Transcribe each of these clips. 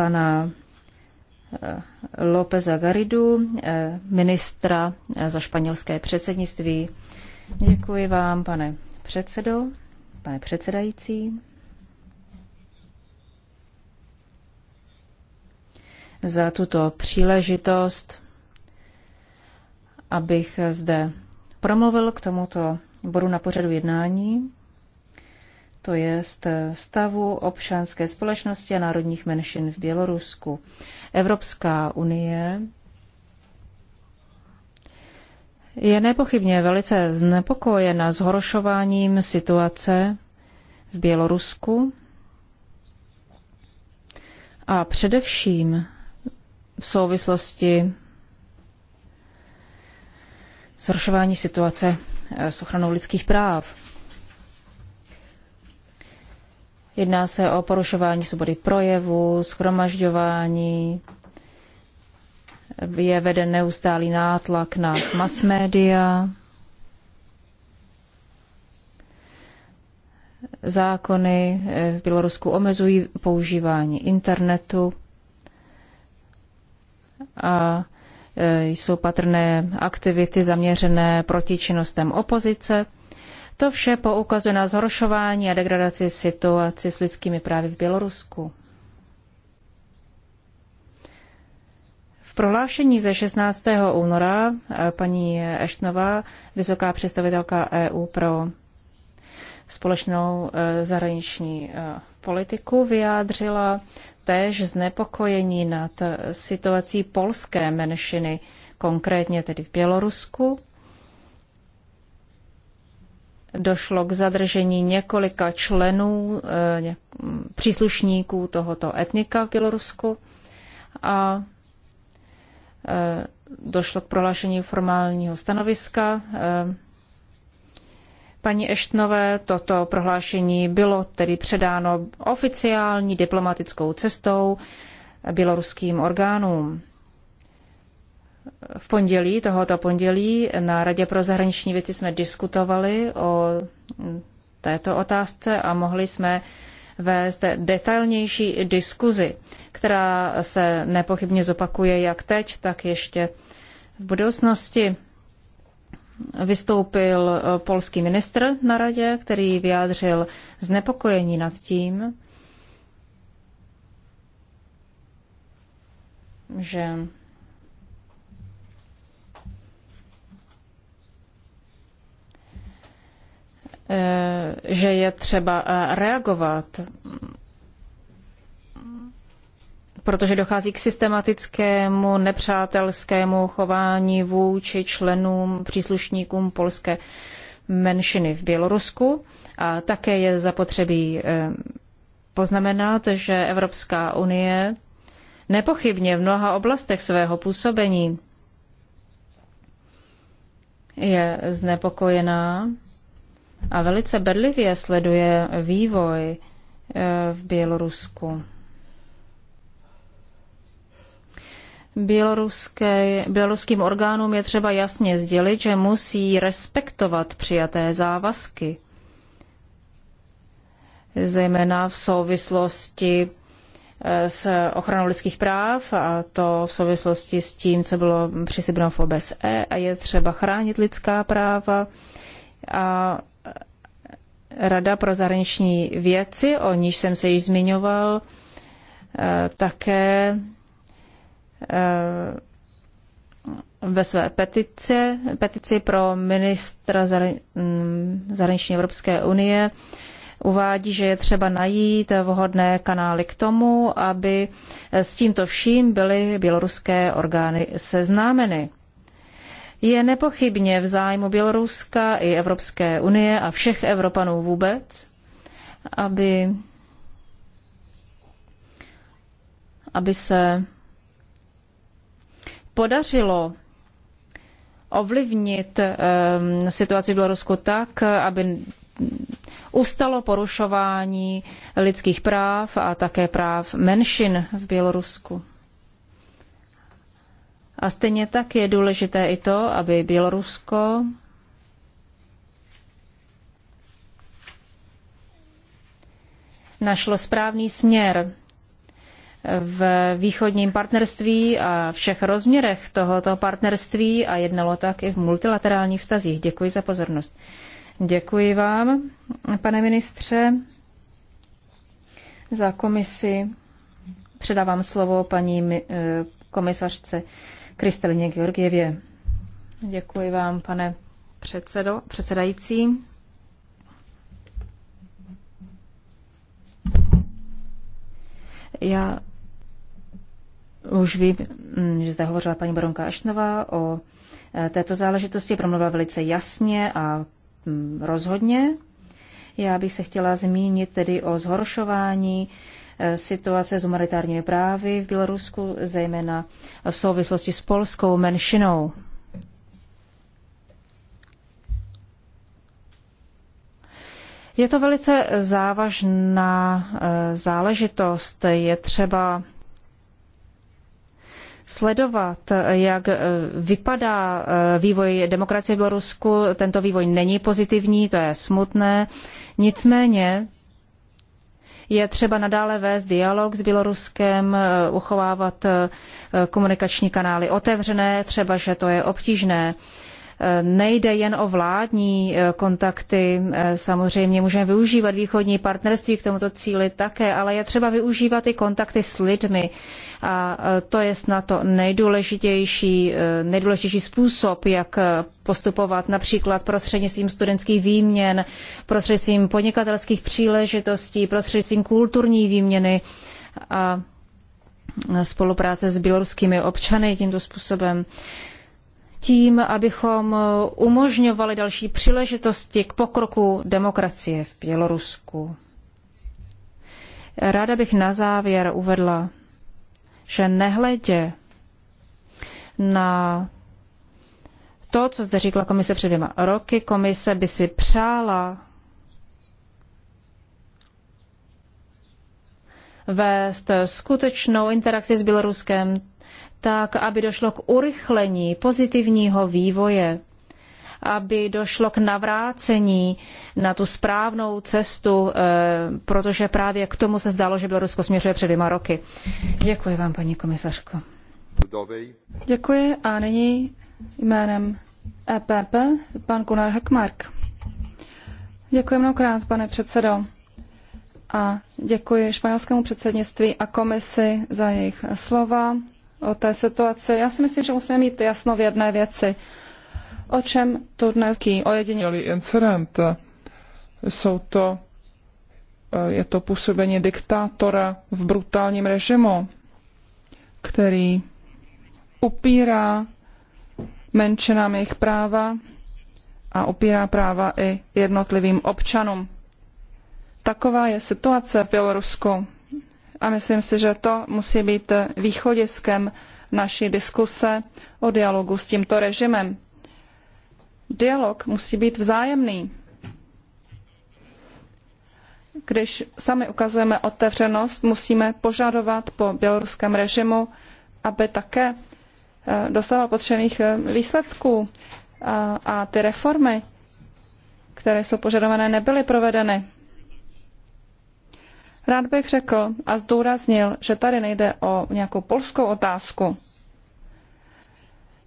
pana eh, Lópeza Garidu, eh, ministra eh, za španělské předsednictví. Děkuji vám, pane předsedo, pane předsedající, za tuto příležitost, abych zde promluvil k tomuto bodu na pořadu jednání to je stavu občanské společnosti a národních menšin v Bělorusku. Evropská unie je nepochybně velice znepokojena zhoršováním situace v Bělorusku a především v souvislosti zhoršování situace s ochranou lidských práv. Jedná se o porušování svobody projevu, schromažďování, je veden neustálý nátlak na mass media, zákony v Bělorusku omezují používání internetu a e, jsou patrné aktivity zaměřené proti činnostem opozice. To vše poukazuje na zhoršování a degradaci situace s lidskými právy v Bělorusku. V prohlášení ze 16. února eh, paní Eštnová, vysoká představitelka EU pro společnou eh, zahraniční eh, politiku, vyjádřila též znepokojení nad situací polské menšiny, konkrétně tedy v Bělorusku, došlo k zadržení několika členů, eh, příslušníků tohoto etnika v Bělorusku a eh, došlo k prohlášení formálního stanoviska. Eh, paní Eštnové toto prohlášení bylo tedy předáno oficiální diplomatickou cestou běloruským orgánům v pondělí, tohoto pondělí, na Radě pro zahraniční věci jsme diskutovali o této otázce a mohli jsme vést detailnější diskuzi, která se nepochybně zopakuje jak teď, tak ještě v budoucnosti. Vystoupil polský ministr na radě, který vyjádřil znepokojení nad tím, že Eh, že je třeba eh, reagovat, protože dochází k systematickému nepřátelskému chování vůči členům, příslušníkům polské menšiny v Bělorusku. A také je zapotřebí eh, poznamenat, že Evropská unie nepochybně v mnoha oblastech svého působení je znepokojená a velice bedlivě sleduje vývoj eh, v Bělorusku. běloruským orgánům je třeba jasně sdělit, že musí respektovat přijaté závazky, zejména v souvislosti eh, s ochranou lidských práv a to v souvislosti s tím, co bylo přisibno v OBSE a je třeba chránit lidská práva a Rada pro zahraniční věci, o níž jsem se již zmiňoval, eh, také eh, ve své petici, petici pro ministra mm, zahraniční Evropské unie uvádí, že je třeba najít vhodné kanály k tomu, aby s tímto vším byly běloruské orgány seznámeny je nepochybně v zájmu Běloruska i Evropské unie a všech Evropanů vůbec, aby, aby se podařilo ovlivnit um, situaci v Bělorusku tak, aby ustalo porušování lidských práv a také práv menšin v Bělorusku. A stejně tak je důležité i to, aby Bělorusko našlo správný směr v východním partnerství a všech rozměrech tohoto partnerství a jednalo tak i v multilaterálních vztazích. Děkuji za pozornost. Děkuji vám, pane ministře, za komisi. Předávám slovo paní eh, komisařce Kristelině Georgievě. Děkuji vám, pane předsedo, předsedající. Já už vím, že zde hovořila paní baronka Ašnová o eh, této záležitosti, promluvila velice jasně a mm, rozhodně. Já bych se chtěla zmínit tedy o zhoršování Eh, situace s humanitárními právy v Bělorusku, zejména v souvislosti s polskou menšinou. Je to velice závažná eh, záležitost. Je třeba sledovat, jak eh, vypadá vývoj demokracie v Bělorusku. Tento vývoj není pozitivní, to je smutné. Nicméně je třeba nadále vést dialog s Běloruskem, eh, uchovávat eh, komunikační kanály otevřené, třeba že to je obtížné. Nejde jen o vládní eh, kontakty, eh, samozřejmě můžeme využívat východní partnerství k tomuto cíli také, ale je třeba využívat i kontakty s lidmi. A eh, to je snad to nejdůležitější, nejdůležitější způsob, jak postupovat například prostřednictvím studentských výměn, prostřednictvím podnikatelských příležitostí, prostřednictvím kulturní výměny a spolupráce s běloruskými občany tímto způsobem tím, abychom eh, umožňovali další příležitosti k pokroku demokracie v Bělorusku. Ráda bych na závěr uvedla, že nehledě na to, co zde říkala komise před dvěma roky, komise by si přála vést skutečnou interakci s Běloruskem tak aby došlo k urychlení pozitivního vývoje, aby došlo k navrácení na tu správnou cestu, eh, protože právě k tomu se zdálo, že Bělorusko směřuje před dvěma roky. Děkuji vám, paní komisařko. Děkuji a nyní jménem EPP pan Gunnar Heckmark. Děkuji mnohokrát, pane předsedo. A děkuji španělskému předsednictví a komisi za jejich slova, o té situaci. Já si myslím, že musíme mít jasno v jedné věci. O čem tu dnes o jedině... incident? Jsou to, eh, je to působení diktátora v brutálním režimu, který upírá menšinám jejich práva a upírá práva i jednotlivým občanům. Taková je situace v Bělorusku. A myslím si, že to musí být východiskem naší diskuse o dialogu s tímto režimem. Dialog musí být vzájemný. Když sami ukazujeme otevřenost, musíme požadovat po běloruském režimu, aby také eh, dosáhl potřebných eh, výsledků a, a ty reformy, které jsou požadované, nebyly provedeny. Rád bych řekl a zdůraznil, že tady nejde o nějakou polskou otázku.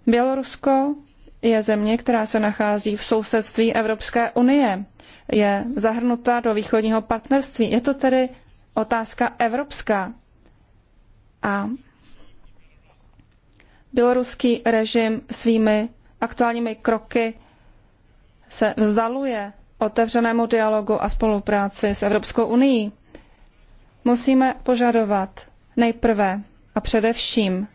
Bělorusko je země, která se nachází v sousedství Evropské unie. Je zahrnuta do východního partnerství. Je to tedy otázka evropská. A běloruský režim svými aktuálními kroky se vzdaluje otevřenému dialogu a spolupráci s Evropskou unii. Musíme požadovat nejprve a především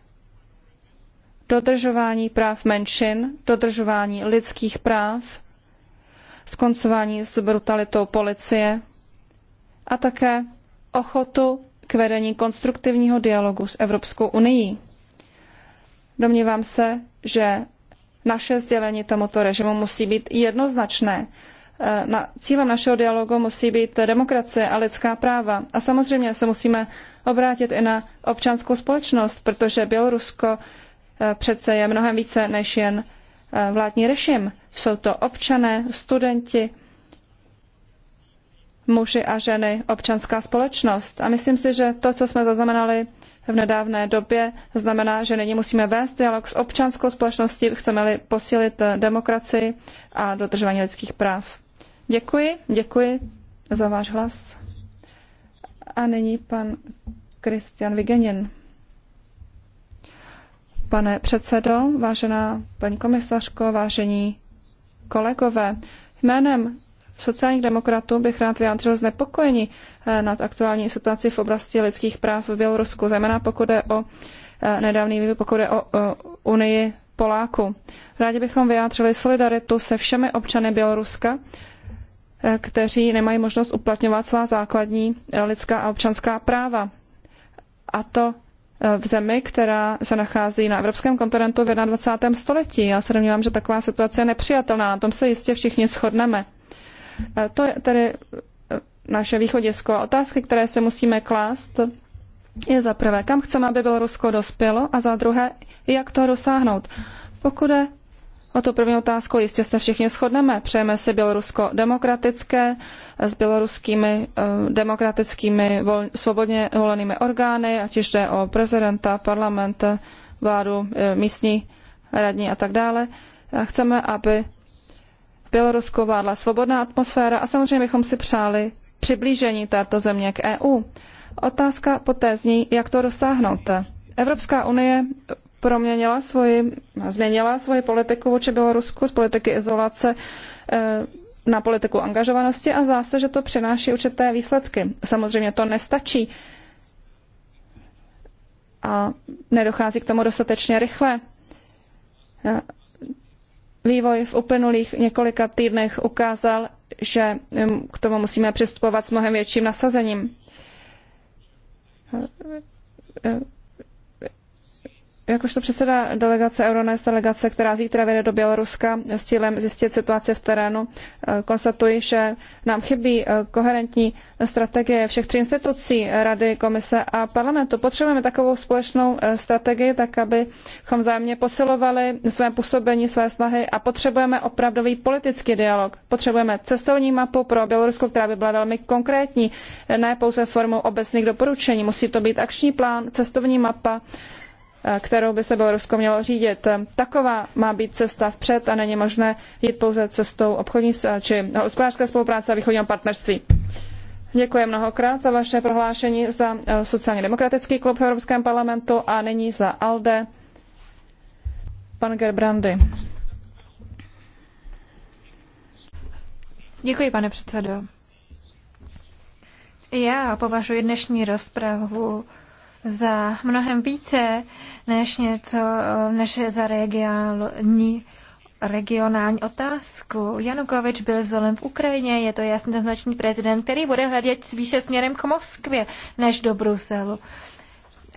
dodržování práv menšin, dodržování lidských práv, skoncování s brutalitou policie a také ochotu k vedení konstruktivního dialogu s Evropskou unii. Domnívám se, že naše sdělení tomuto režimu musí být jednoznačné. Eh, na, cílem našeho dialogu musí být demokracie a lidská práva. A samozřejmě se musíme obrátit i na občanskou společnost, protože Bělorusko eh, přece je mnohem více než jen eh, vládní režim. Jsou to občané, studenti, muži a ženy, občanská společnost. A myslím si, že to, co jsme zaznamenali v nedávné době, znamená, že nyní musíme vést dialog s občanskou společností, chceme-li posílit demokracii a dodržování lidských práv. Děkuji, děkuji za váš hlas. A nyní pan Kristian Vigenin. Pane předsedo, vážená paní komisařko, vážení kolegové, jménem sociálních demokratů bych rád vyjádřil znepokojení eh, nad aktuální situací v oblasti lidských práv v Bělorusku, zejména pokud je o eh, nedávný vývoj, pokud je o, o Unii Poláku. Rádi bychom vyjádřili solidaritu se všemi občany Běloruska, Eh, kteří nemají možnost uplatňovat svá základní eh, lidská a občanská práva. A to eh, v zemi, která se nachází na evropském kontinentu v 21. století. Já se domnívám, že taková situace je nepřijatelná. Na tom se jistě všichni shodneme. To je tedy naše východisko. Otázky, které se musíme klást, je za prvé, kam chceme, aby Bělorusko dospělo a za druhé, jak to dosáhnout. Pokud je O to první otázku jistě se všichni shodneme. Přejeme si Bělorusko demokratické s běloruskými eh, demokratickými vol, svobodně volenými orgány, ať už jde o prezidenta, parlament, vládu, eh, místní radní a tak dále. A chceme, aby v Bělorusku vládla svobodná atmosféra a samozřejmě bychom si přáli přiblížení této země k EU. Otázka poté zní, jak to dosáhnout. Evropská unie proměnila svoji, změnila svoji politiku vůči Bělorusku z politiky izolace eh, na politiku angažovanosti a zase, že to přináší určité výsledky. Samozřejmě to nestačí a nedochází k tomu dostatečně rychle. Eh, vývoj v uplynulých několika týdnech ukázal, že hm, k tomu musíme přistupovat s mnohem větším nasazením eh, jakožto předseda delegace Euronest, delegace, která zítra vede do Běloruska s cílem zjistit situaci v terénu, eh, konstatuji, že nám chybí eh, koherentní strategie všech tří institucí, eh, Rady, Komise a parlamentu. Potřebujeme takovou společnou strategii, tak abychom vzájemně posilovali své působení, své snahy a potřebujeme opravdový politický dialog. Potřebujeme cestovní mapu pro Bělorusko, která by byla velmi konkrétní, ne pouze formou obecných doporučení. Musí to být akční plán, cestovní mapa, Eh, kterou by se Bělorusko mělo řídit. Eh, Taková má být cesta vpřed a není možné jít pouze cestou obchodní či hospodářské spolupráce a východního partnerství. Děkuji mnohokrát za vaše prohlášení za eh, sociálně demokratický klub v Evropském parlamentu a nyní za ALDE. Pan Gerbrandy. Děkuji, pane předsedo. Já považuji dnešní rozpravu za mnohem více než něco, než za regionální regionální otázku. Janukovič byl zvolen v Ukrajině, je to jasný značný prezident, který bude hledět spíše směrem k Moskvě než do Bruselu.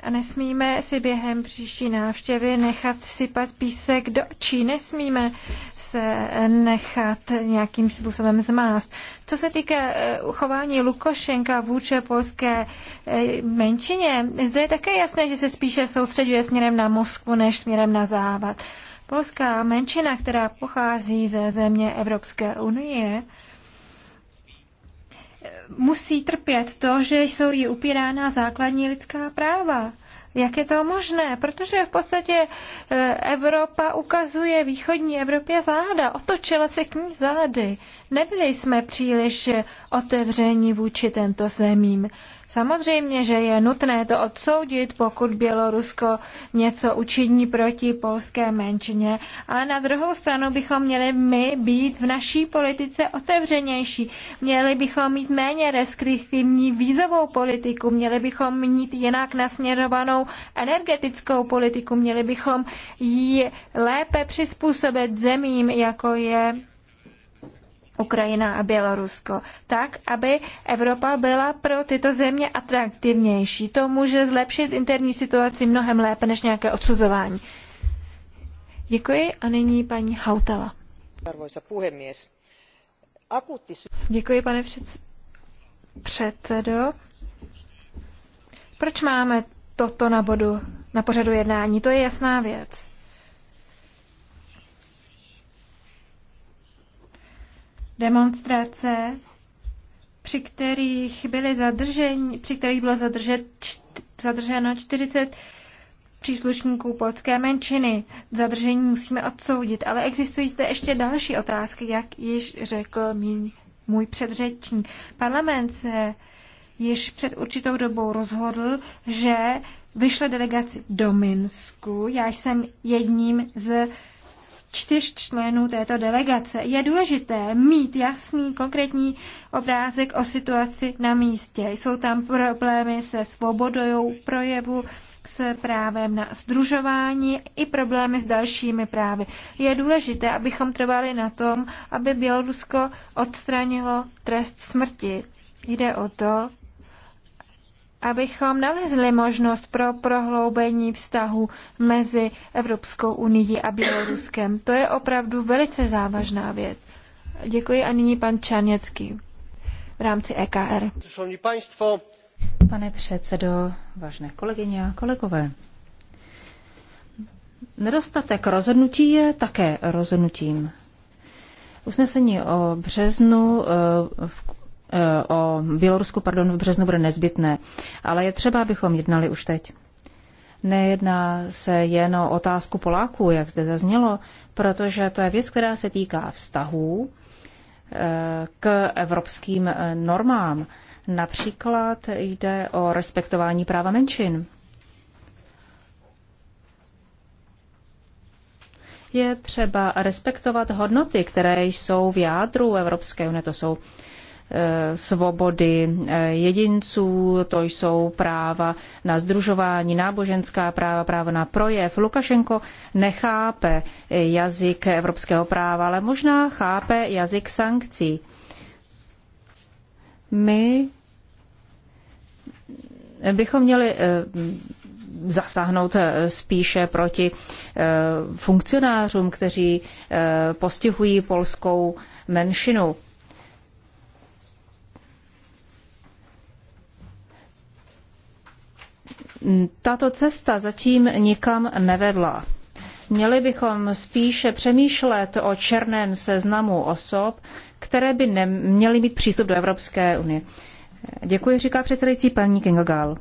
A nesmíme si během příští návštěvy nechat sypat písek do očí, nesmíme se nechat nějakým způsobem zmást. Co se týká eh, uchování Lukošenka vůči polské eh, menšině, zde je také jasné, že se spíše soustředuje směrem na Moskvu než směrem na závad. Polská menšina, která pochází ze země Evropské unie, musí trpět to, že jsou jí upírána základní lidská práva. Jak je to možné? Protože v podstatě e, Evropa ukazuje východní Evropě záda. Otočila se k ní zády. Nebyli jsme příliš otevření vůči těmto zemím. Samozřejmě, že je nutné to odsoudit, pokud Bělorusko něco učiní proti polské menšině, ale na druhou stranu bychom měli my být v naší politice otevřenější. Měli bychom mít méně restriktivní vízovou politiku, měli bychom mít jinak nasměrovanou energetickou politiku, měli bychom ji lépe přizpůsobit zemím, jako je Ukrajina a Bělorusko, tak, aby Evropa byla pro tyto země atraktivnější. To může zlepšit interní situaci mnohem lépe než nějaké odsuzování. Děkuji a nyní paní Hautala. Děkuji, pane předsedo. Proč máme toto na, bodu, na pořadu jednání? To je jasná věc. demonstrace, při kterých, byly zadržení, při kterých bylo zadržet, zadrženo 40 příslušníků polské menšiny. Zadržení musíme odsoudit, ale existují zde ještě další otázky, jak již řekl mý, můj předřečník. Parlament se již před určitou dobou rozhodl, že vyšle delegaci do Minsku. Já jsem jedním z čtyř členů této delegace. Je důležité mít jasný, konkrétní obrázek o situaci na místě. Jsou tam problémy se svobodou projevu, s právem na združování i problémy s dalšími právy. Je důležité, abychom trvali na tom, aby Bělorusko odstranilo trest smrti. Jde o to, abychom nalezli možnost pro prohloubení vztahu mezi Evropskou unii a Běloruskem. To je opravdu velice závažná věc. Děkuji a nyní pan Čarněcký v rámci EKR. Pane předsedo, vážné kolegyně a kolegové, nedostatek rozhodnutí je také rozhodnutím. Usnesení o březnu eh, v o Bělorusku pardon, v březnu bude nezbytné, ale je třeba, abychom jednali už teď. Nejedná se jen o otázku Poláků, jak zde zaznělo, protože to je věc, která se týká vztahů e, k evropským normám. Například jde o respektování práva menšin. Je třeba respektovat hodnoty, které jsou v jádru Evropské unie. To jsou Eh, svobody eh, jedinců, to jsou práva na združování, náboženská práva, práva na projev. Lukašenko nechápe jazyk evropského práva, ale možná chápe jazyk sankcí. My bychom měli eh, zasáhnout spíše proti funkcionářům, kteří postihují polskou menšinu. Tato cesta zatím nikam nevedla. Měli bychom spíše přemýšlet o černém seznamu osob, které by neměly mít přístup do Evropské unie. Děkuji, říká předsedající paní Kingogal.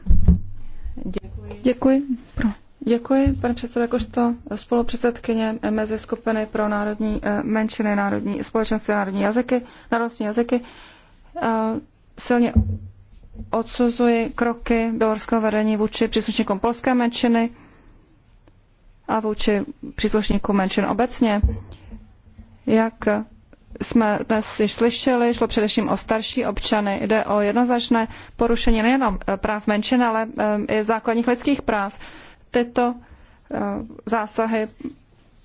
Děkuji. Děkuji. Pro. Děkuji, pane předsedo, jakožto spolupředsedkyně mezi skupiny pro národní eh, menšiny, národní společenství, národní jazyky, národní jazyky. Eh, silně odsuzuji kroky běloruského vedení vůči příslušníkům polské menšiny a vůči příslušníkům menšin obecně. Jak jsme dnes již slyšeli, šlo především o starší občany. Jde o jednoznačné porušení nejenom eh, práv menšin, ale eh, i základních lidských práv. Tyto eh, zásahy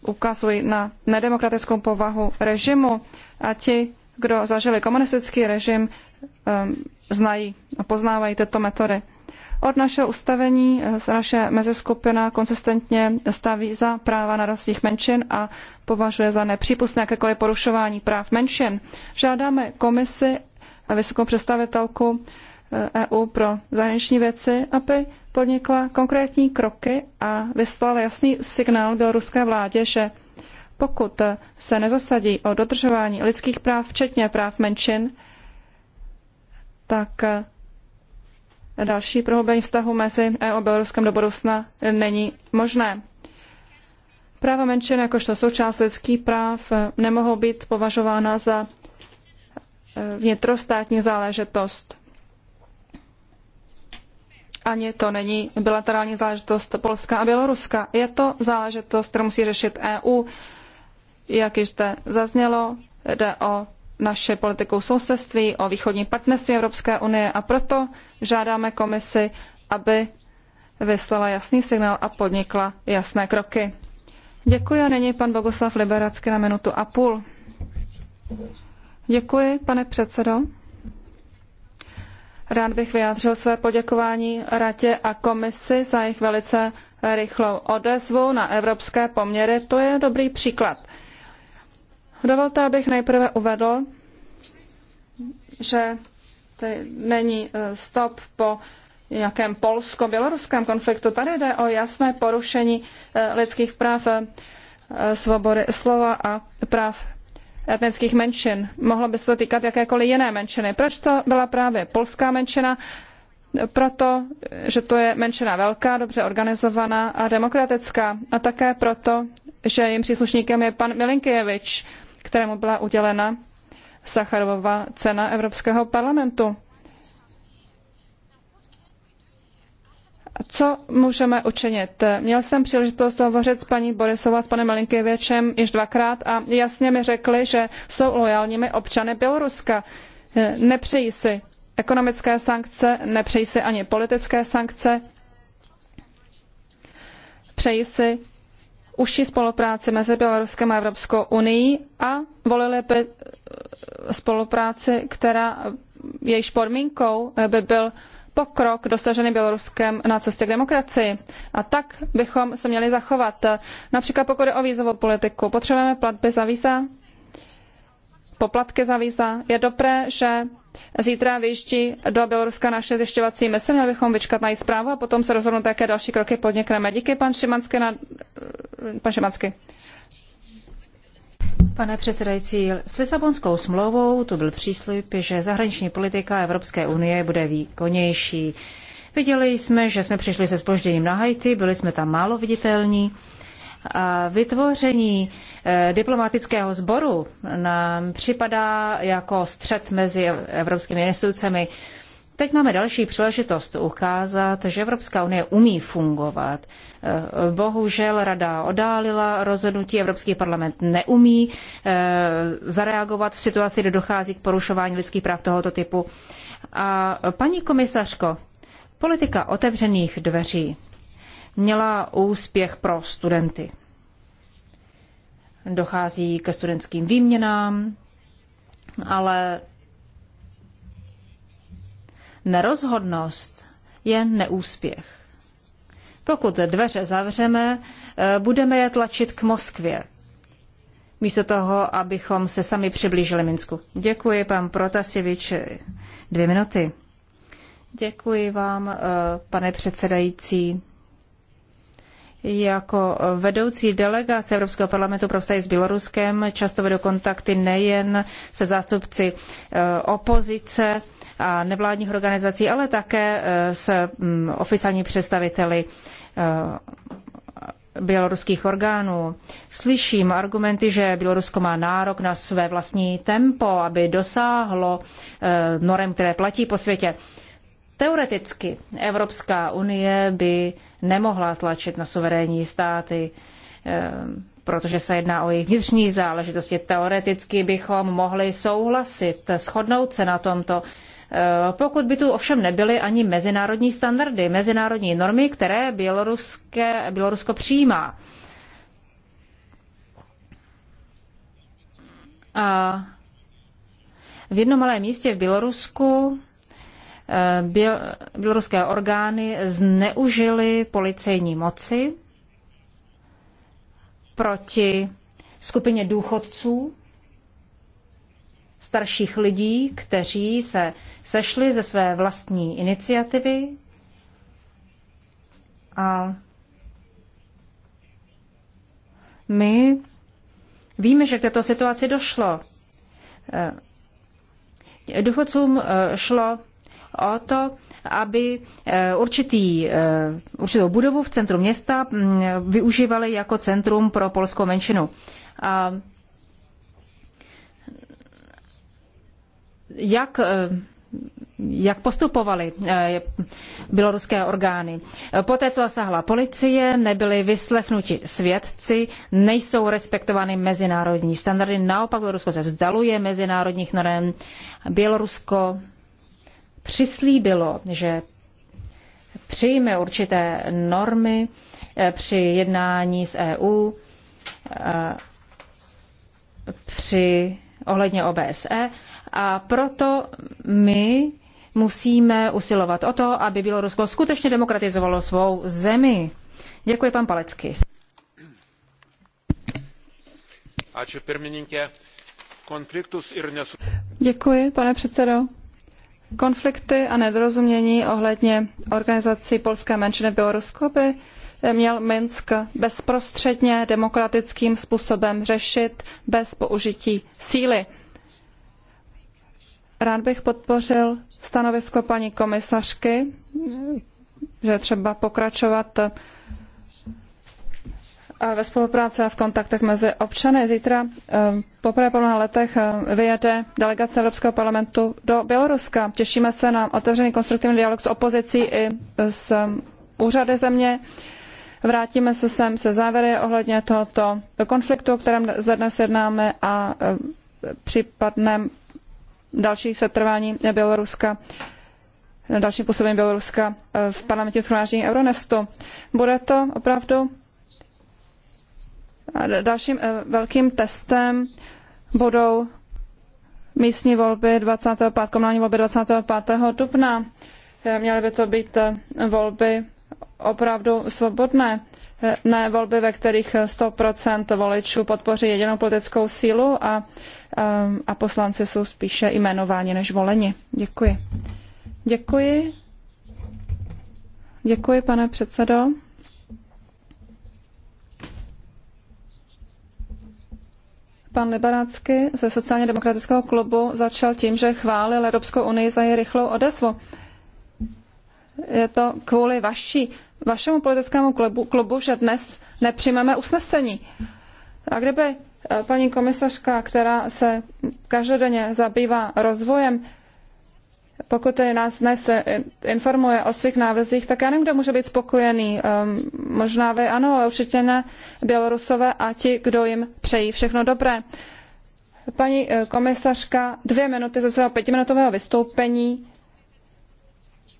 ukazují na nedemokratickou povahu režimu a ti, kdo zažili komunistický režim, znají a poznávají tyto metody. Od našeho ustavení eh, naše meziskupina konsistentně staví za práva narostních menšin a považuje za nepřípustné jakékoliv porušování práv menšin. Žádáme komisi a vysokou představitelku EU eh, e pro zahraniční věci, aby podnikla konkrétní kroky a vyslala jasný signál běloruské vládě, že pokud eh, se nezasadí o dodržování lidských práv, včetně práv menšin, tak další prohloubení vztahu mezi EU a Běloruskem do budoucna není možné. Práva menšin jakožto součást lidských práv nemohou být považována za e, vnitrostátní záležitost. Ani to není bilaterální záležitost Polska a Běloruska. Je to záležitost, kterou musí řešit EU. Jak již zde zaznělo, jde o naše politikou sousedství, o východní partnerství Evropské unie a proto žádáme komisi, aby vyslala jasný signál a podnikla jasné kroky. Děkuji a nyní pan Bogoslav Liberacky na minutu a půl. Děkuji, pane předsedo. Rád bych vyjádřil své poděkování Radě a komisi za jejich velice rychlou odezvu na evropské poměry. To je dobrý příklad. Dovolte, abych nejprve uvedl, že to není e, stop po nějakém polsko-běloruském konfliktu. Tady jde o jasné porušení e, lidských práv, e, svobody slova a práv etnických menšin. Mohlo by se to týkat jakékoliv jiné menšiny. Proč to byla právě polská menšina? Proto, že to je menšina velká, dobře organizovaná a demokratická. A také proto, že jejím příslušníkem je pan Milinkievič, kterému byla udělena Sacharovova cena Evropského parlamentu. Co můžeme učinit? Měl jsem příležitost hovořit s paní Borisova, s panem Malinkevěčem již dvakrát a jasně mi řekli, že jsou lojálními občany Běloruska. Nepřejí si ekonomické sankce, nepřejí si ani politické sankce. Přejí si užší spolupráci mezi Běloruskem a Evropskou unii a volili by eh, spolupráci, která jejíž podmínkou eh, by byl pokrok dosažený Běloruskem na cestě k demokracii. A tak bychom se měli zachovat. Například pokud je o vízovou politiku, potřebujeme platby za víza, poplatky za víza. Je dobré, že Zítra vyjíždí do Běloruska naše zjišťovací mise, měli bychom vyčkat na její zprávu a potom se rozhodnout, jaké další kroky podnikneme. Díky, pan Šimanský. Na... Pan Šimanský. Pane předsedající, s Lisabonskou smlouvou tu byl příslip, že zahraniční politika Evropské unie bude výkonnější. Viděli jsme, že jsme přišli se spožděním na Haiti, byli jsme tam málo viditelní a vytvoření eh, diplomatického sboru nám připadá jako střed mezi evropskými institucemi. Teď máme další příležitost ukázat, že Evropská unie umí fungovat. Eh, bohužel rada odálila rozhodnutí, Evropský parlament neumí eh, zareagovat v situaci, kdy dochází k porušování lidských práv tohoto typu. A paní komisařko, politika otevřených dveří měla úspěch pro studenty. Dochází ke studentským výměnám, ale nerozhodnost je neúspěch. Pokud dveře zavřeme, eh, budeme je tlačit k Moskvě. Místo toho, abychom se sami přiblížili Minsku. Děkuji, pan Protasěvič. Dvě minuty. Děkuji vám, eh, pane předsedající jako vedoucí delegace Evropského parlamentu pro vztahy s Běloruskem často vedou kontakty nejen se zástupci eh, opozice a nevládních organizací, ale také eh, s mm, oficiální představiteli eh, běloruských orgánů. Slyším argumenty, že Bělorusko má nárok na své vlastní tempo, aby dosáhlo norem, které platí po světě. Teoreticky Evropská unie by nemohla tlačit na suverénní státy, ehm, protože se jedná o jejich vnitřní záležitosti. Teoreticky bychom mohli souhlasit, shodnout se na tomto. Ehm, pokud by tu ovšem nebyly ani mezinárodní standardy, mezinárodní normy, které Běloruské, Bělorusko přijímá. A v jednom malém místě v Bělorusku Eh, běloruské orgány zneužily policejní moci proti skupině důchodců, starších lidí, kteří se sešli ze své vlastní iniciativy a my víme, že k této situaci došlo. Eh, důchodcům eh, šlo o to, aby eh, určitý, eh, určitou budovu v centru města mm, využívali jako centrum pro polskou menšinu. A jak eh, jak postupovali běloruské orgány. Poté, co zasáhla policie, nebyli vyslechnuti svědci, nejsou respektovány mezinárodní standardy, naopak Bělorusko se vzdaluje mezinárodních norem. Bělorusko přislíbilo, že přijme určité normy eh, při jednání s EU, eh, při ohledně OBSE a proto my musíme usilovat o to, aby Bělorusko skutečně demokratizovalo svou zemi. Děkuji, pan Palecký. Děkuji, pane předsedo. Konflikty a nedorozumění ohledně organizací polské menšiny v Bělorusku by měl Minsk bezprostředně demokratickým způsobem řešit bez použití síly. Rád bych podpořil stanovisko paní komisařky, že třeba pokračovat ve spolupráci a v kontaktech mezi občany. Zítra eh, poprvé po mnoha letech eh, vyjede delegace Evropského parlamentu do Běloruska. Těšíme se na otevřený konstruktivní dialog s opozicí i s eh, úřady země. Vrátíme se sem se závěry ohledně tohoto konfliktu, o kterém zde dnes jednáme a případném dalších setrvání Běloruska dalším působem Běloruska v parlamentním schromáždění Euronestu. Bude to opravdu Dalším eh, velkým testem budou místní volby 25. komunální volby 25. dubna. Eh, měly by to být eh, volby opravdu svobodné, ne volby, ve kterých 100% voličů podpoří jedinou politickou sílu a, a poslanci jsou spíše jmenováni než voleni. Děkuji. Děkuji. Děkuji, pane předsedo. Pan Liberacky ze sociálně demokratického klubu začal tím, že chválil Evropskou unii za její rychlou odezvu. Je to kvůli vaší, vašemu politickému klubu, klubu, že dnes nepřijmeme usnesení. A kdyby eh, paní komisařka, která se každodenně zabývá rozvojem, pokud nás dnes eh, informuje o svých návrzích, tak já nevím, kdo může být spokojený. Um, možná vy ano, ale určitě ne Bělorusové a ti, kdo jim přejí všechno dobré. Paní eh, komisařka dvě minuty ze svého pětiminutového vystoupení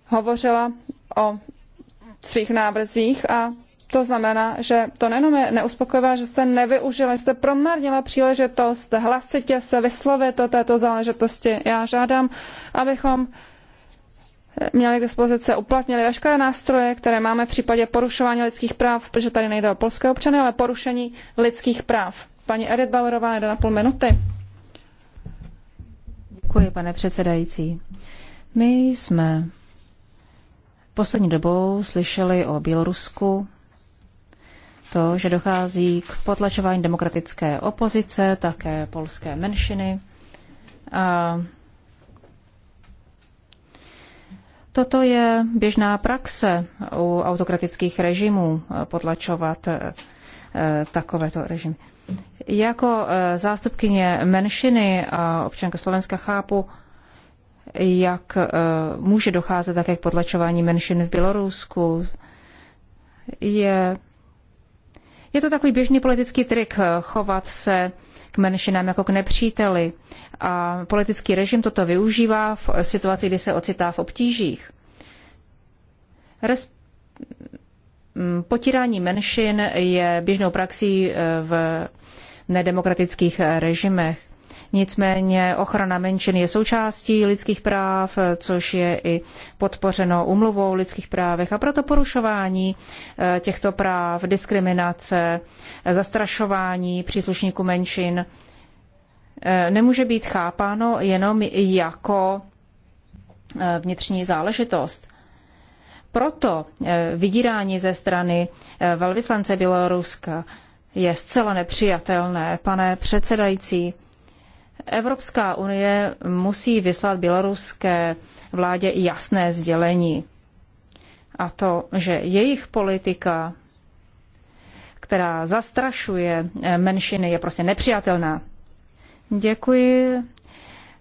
hovořila o svých návrzích a to znamená, že to nejenom je neuspokojivé, že jste nevyužila, že jste promarnila příležitost hlasitě se vyslovit o této záležitosti. Já žádám, abychom měli k dispozici, uplatnili veškeré nástroje, které máme v případě porušování lidských práv, protože tady nejde o polské občany, ale porušení lidských práv. Paní Edith Bauerová, jde na půl minuty. Děkuji, pane předsedající. My jsme poslední dobou slyšeli o Bělorusku to, že dochází k potlačování demokratické opozice, také polské menšiny. A toto je běžná praxe u autokratických režimů eh, potlačovat eh, eh, takovéto režimy. Jako zástupkyně menšiny a občanka Slovenska chápu, jak může docházet také k potlačování menšin v Bělorusku. Je je to takový běžný politický trik eh, chovat se k menšinám jako k nepříteli. A politický režim toto využívá v situaci, kdy se ocitá v obtížích. Resp- Potírání menšin je běžnou praxí eh, v nedemokratických režimech. Nicméně ochrana menšin je součástí lidských práv, což je i podpořeno umluvou o lidských právech a proto porušování eh, těchto práv, diskriminace, eh, zastrašování příslušníků menšin eh, nemůže být chápáno jenom jako vnitřní záležitost. Proto vydírání ze strany velvyslance Běloruska je zcela nepřijatelné, pane předsedající. Evropská unie musí vyslat běloruské vládě jasné sdělení. A to, že jejich politika, která zastrašuje eh, menšiny, je prostě nepřijatelná. Děkuji.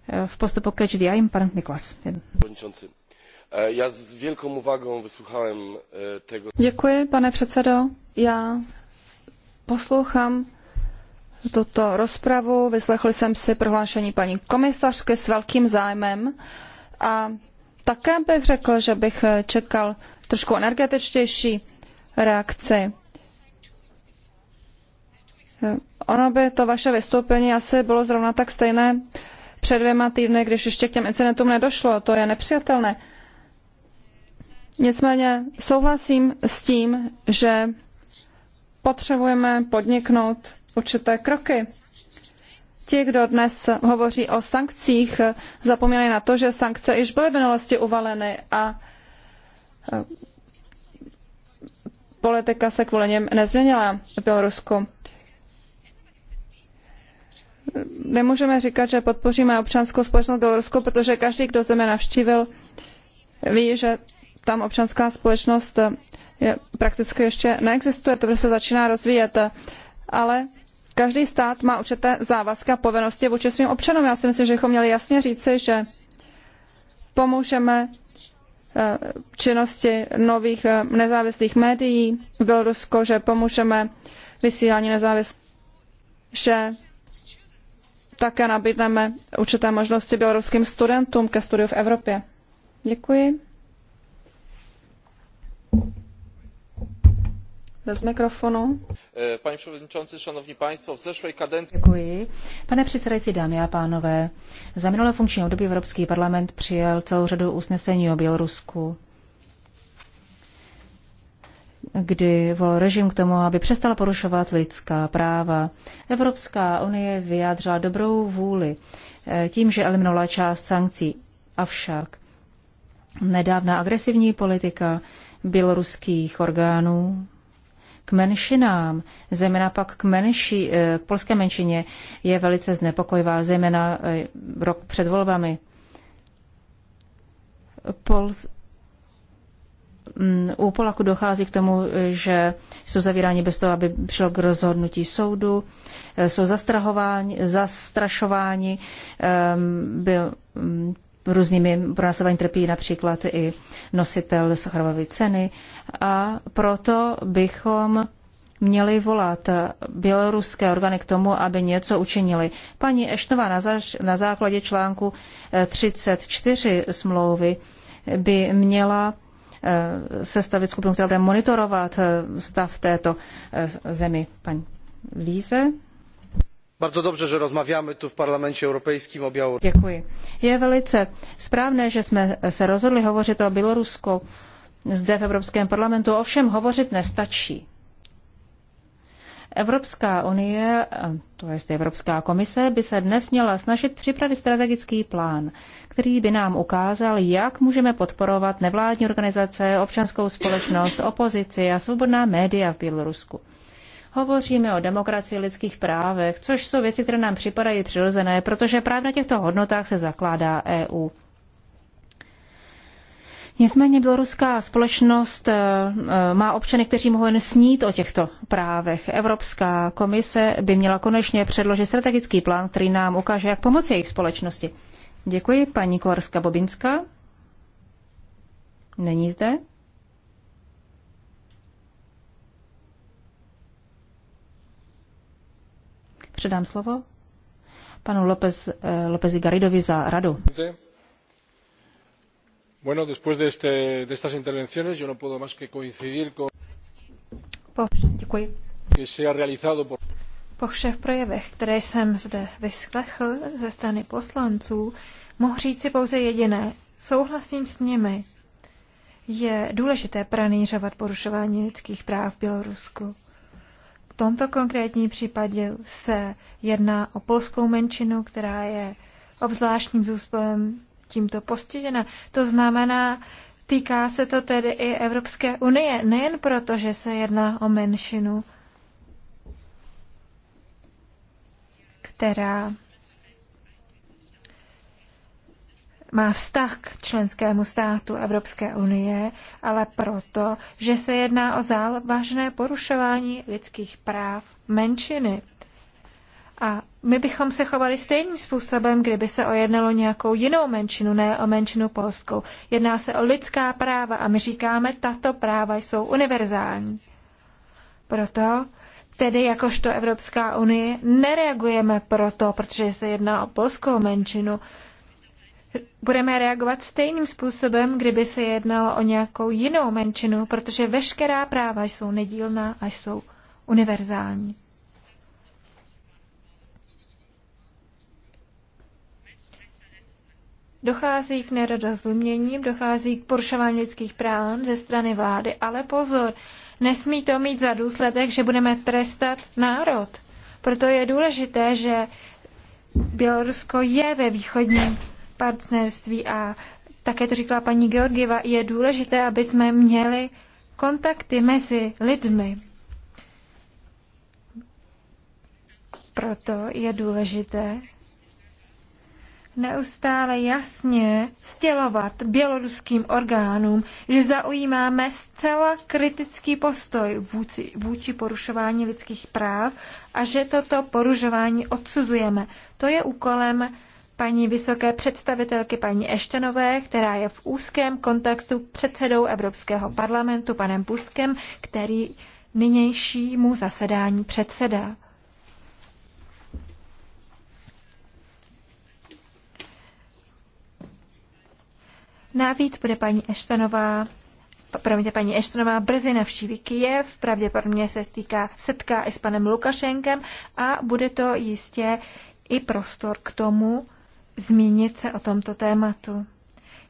Eh, v postupu Catch the Eye, pan Miklas. Eh, já s velkou uvagou vyslouchám tego. Děkuji, pane předsedo. Já poslouchám tuto rozpravu. vyslechl jsem si prohlášení paní komisařky s velkým zájmem a také bych řekl, že bych čekal trošku energetičtější reakci. Ono by to vaše vystoupení asi bylo zrovna tak stejné před dvěma týdny, když ještě k těm incidentům nedošlo. To je nepřijatelné. Nicméně souhlasím s tím, že potřebujeme podniknout určité kroky. Ti, kdo dnes hovoří o sankcích, zapomněli na to, že sankce již byly v minulosti uvaleny a e, politika se kvůli něm nezměnila v Bělorusku. Nemůžeme říkat, že podpoříme občanskou společnost Bělorusku, protože každý, kdo země navštívil, ví, že tam občanská společnost je, prakticky ještě neexistuje, to se začíná rozvíjet, ale každý stát má určité závazky a povinnosti vůči svým občanům. Já si myslím, že bychom měli jasně říci, že pomůžeme eh, činnosti nových eh, nezávislých médií v Bělorusku, že pomůžeme vysílání nezávislých, že také nabídneme určité možnosti běloruským studentům ke studiu v Evropě. Děkuji. Pane předsedající, šanovní państwo, v zešlej kadenci... Pane předsedající, dámy a pánové, za minulé funkční období Evropský parlament přijal celou řadu usnesení o Bělorusku kdy volal režim k tomu, aby přestal porušovat lidská práva. Evropská unie vyjádřila dobrou vůli eh, tím, že eliminovala část sankcí. Avšak nedávná agresivní politika běloruských orgánů k menšinám, zejména pak k, menší, eh, k polské menšině, je velice znepokojivá, zejména eh, rok před volbami. Pols, mm, u Polaku dochází k tomu, eh, že jsou zavíráni bez toho, aby přišlo k rozhodnutí soudu, jsou zastrahováni, zastrašováni, ehm, byl, mm, různými pronásledování trpí například i nositel Sacharovovy ceny a proto bychom měli volat běloruské orgány k tomu, aby něco učinili. Paní Eštová na, zaž, na základě článku 34 eh, smlouvy by měla eh, sestavit skupinu, která bude monitorovat eh, stav této zemi. Paní Líze, bardzo dobře, že rozmawiamy tu v Parlamencie Europejskim o Białorusku. Děkuji. Je velice správné, že jsme se rozhodli hovořit o Bělorusku zde v Evropském parlamentu. Ovšem hovořit nestačí. Evropská unie, to je Evropská komise, by se dnes měla snažit připravit strategický plán, který by nám ukázal, jak můžeme podporovat nevládní organizace, občanskou společnost, opozici a svobodná média v Bělorusku. Hovoříme o demokracii lidských právech, což jsou věci, které nám připadají přirozené, protože právě na těchto hodnotách se zakládá EU. Nicméně běloruská společnost eh, eh, má občany, kteří mohou jen snít o těchto právech. Evropská komise by měla konečně předložit strategický plán, který nám ukáže, jak pomoci jejich společnosti. Děkuji, paní kovarska Bobinská. Není zde. Předám slovo panu López, eh, Lópezi Garidovi za radu. No po, děkuji. se Po všech projevech, které jsem zde vyslechl ze strany poslanců, mohu říci pouze jediné. Souhlasím s nimi. Je důležité pranířovat porušování lidských práv v Bělorusku tomto konkrétním případě se jedná o polskou menšinu, která je obzvláštním způsobem tímto postižena. To znamená, týká se to tedy i Evropské unie, nejen proto, že se jedná o menšinu, která má vztah k členskému státu Evropské unie, ale proto, že se jedná o závažné porušování lidských práv menšiny. A my bychom se chovali stejným způsobem, kdyby se ojednalo nějakou jinou menšinu, ne o menšinu polskou. Jedná se o lidská práva a my říkáme, tato práva jsou univerzální. Proto tedy jakožto Evropská unie nereagujeme proto, protože se jedná o polskou menšinu, budeme reagovat stejným způsobem, kdyby se jednalo o nějakou jinou menšinu, protože veškerá práva jsou nedílná a jsou univerzální. Dochází k nerozuměním, dochází k porušování lidských práv ze strany vlády, ale pozor, nesmí to mít za důsledek, že budeme trestat národ. Proto je důležité, že Bělorusko je ve východním partnerství a také to říkala paní Georgieva, je důležité, aby jsme měli kontakty mezi lidmi. Proto je důležité neustále jasně stělovat běloruským orgánům, že zaujímáme zcela kritický postoj vůči, vůči porušování lidských práv a že toto porušování odsuzujeme. To je úkolem paní vysoké představitelky paní Eštenové, která je v úzkém kontaktu předsedou Evropského parlamentu panem Buskem, který nynějšímu zasedání předsedá. Navíc bude paní Eštenová promiňte, paní Eštonová brzy navštíví Kijev, pravděpodobně se stýká, setká i s panem Lukašenkem a bude to jistě i prostor k tomu, zmínit se o tomto tématu.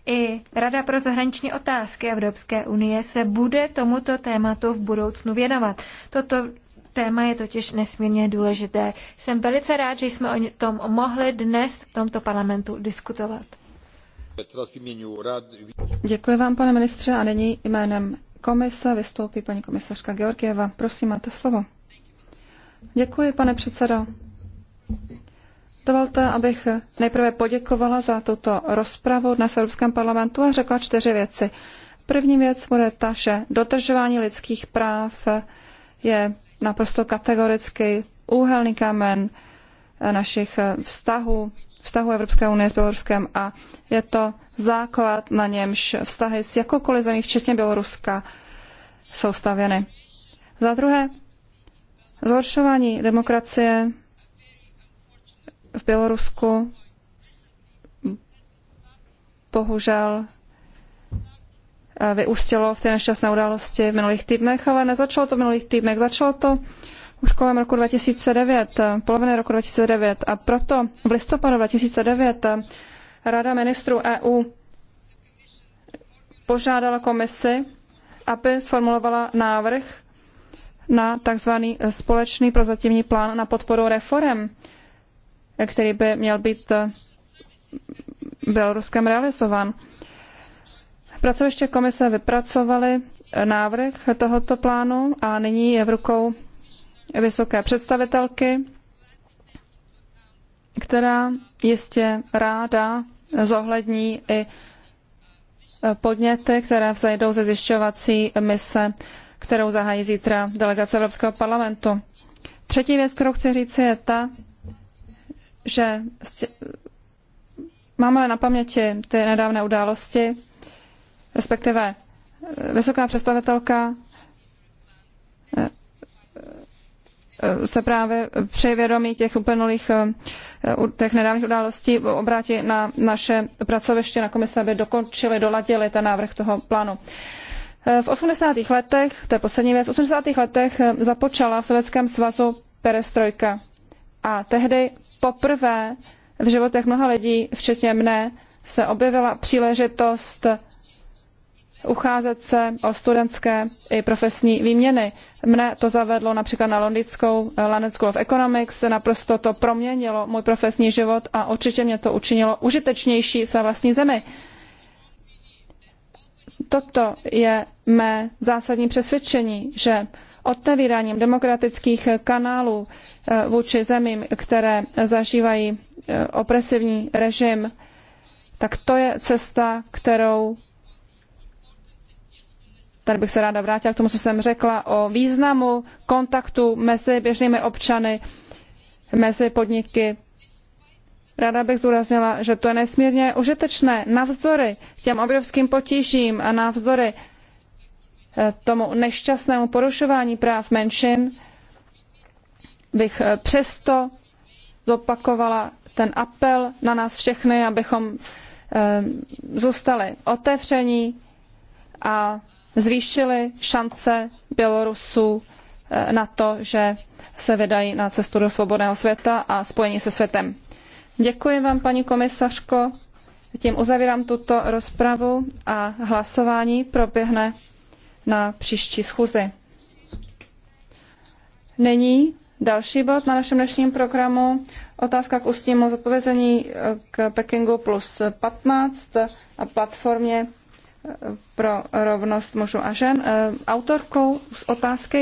I Rada pro zahraniční otázky Evropské unie se bude tomuto tématu v budoucnu věnovat. Toto téma je totiž nesmírně důležité. Jsem velice rád, že jsme o tom mohli dnes v tomto parlamentu diskutovat. Děkuji vám, pane ministře, a nyní jménem komise vystoupí paní komisařka Georgieva. Prosím, máte slovo. Děkuji, pane předsedo. Dovolte, abych nejprve poděkovala za tuto rozpravu na Evropském parlamentu a řekla čtyři věci. První věc bude ta, že dodržování lidských práv je naprosto kategoricky úhelný kamen našich vztahů, vztahu Evropské unie s Běloruskem a je to základ, na němž vztahy s jakoukoliv zemí, včetně Běloruska, jsou stavěny. Za druhé, zhoršování demokracie v Bělorusku bohužel eh, vyústilo v té nešťastné události v minulých týdnech, ale nezačalo to v minulých týdnech, začalo to už kolem roku 2009, eh, poloviny roku 2009. A proto v listopadu 2009 eh, Rada ministrů EU požádala komisi, aby sformulovala návrh na takzvaný společný prozatímní plán na podporu reform který by měl být eh, Běloruskem realizován. Pracoviště komise vypracovali návrh tohoto plánu a nyní je v rukou vysoké představitelky, která jistě ráda zohlední i podněty, které vzejdou ze zjišťovací mise, kterou zahájí zítra delegace Evropského parlamentu. Třetí věc, kterou chci říci, je ta, že máme na paměti ty nedávné události, respektive eh, vysoká představitelka eh, eh, se právě při vědomí těch uplynulých těch nedávných událostí obrátí na naše pracoviště, na komise, aby dokončili, doladili ten návrh toho plánu. V 80. letech, to je poslední věc, v 80. letech započala v Sovětském svazu perestrojka. A tehdy poprvé v životech mnoha lidí, včetně mne, se objevila příležitost ucházet se o studentské i profesní výměny. Mne to zavedlo například na londýnskou eh, London School of Economics, naprosto to proměnilo můj profesní život a určitě mě to učinilo užitečnější své vlastní zemi. Toto je mé zásadní přesvědčení, že otevíráním demokratických kanálů eh, vůči zemím, které zažívají eh, opresivní režim, tak to je cesta, kterou tady bych se ráda vrátila k tomu, co jsem řekla, o významu kontaktu mezi běžnými občany, mezi podniky. Ráda bych zdůraznila, že to je nesmírně užitečné navzdory těm obrovským potížím a navzdory tomu nešťastnému porušování práv menšin, bych eh, přesto zopakovala ten apel na nás všechny, abychom eh, zůstali otevření a zvýšili šance Bělorusů eh, na to, že se vydají na cestu do svobodného světa a spojení se světem. Děkuji vám, paní komisařko. Tím uzavírám tuto rozpravu a hlasování proběhne na příští schůzi. Není další bod na našem dnešním programu. Otázka k ústnímu zodpovězení eh, k Pekingu plus 15 a platformě eh, pro rovnost mužů a žen. Eh, autorkou z otázky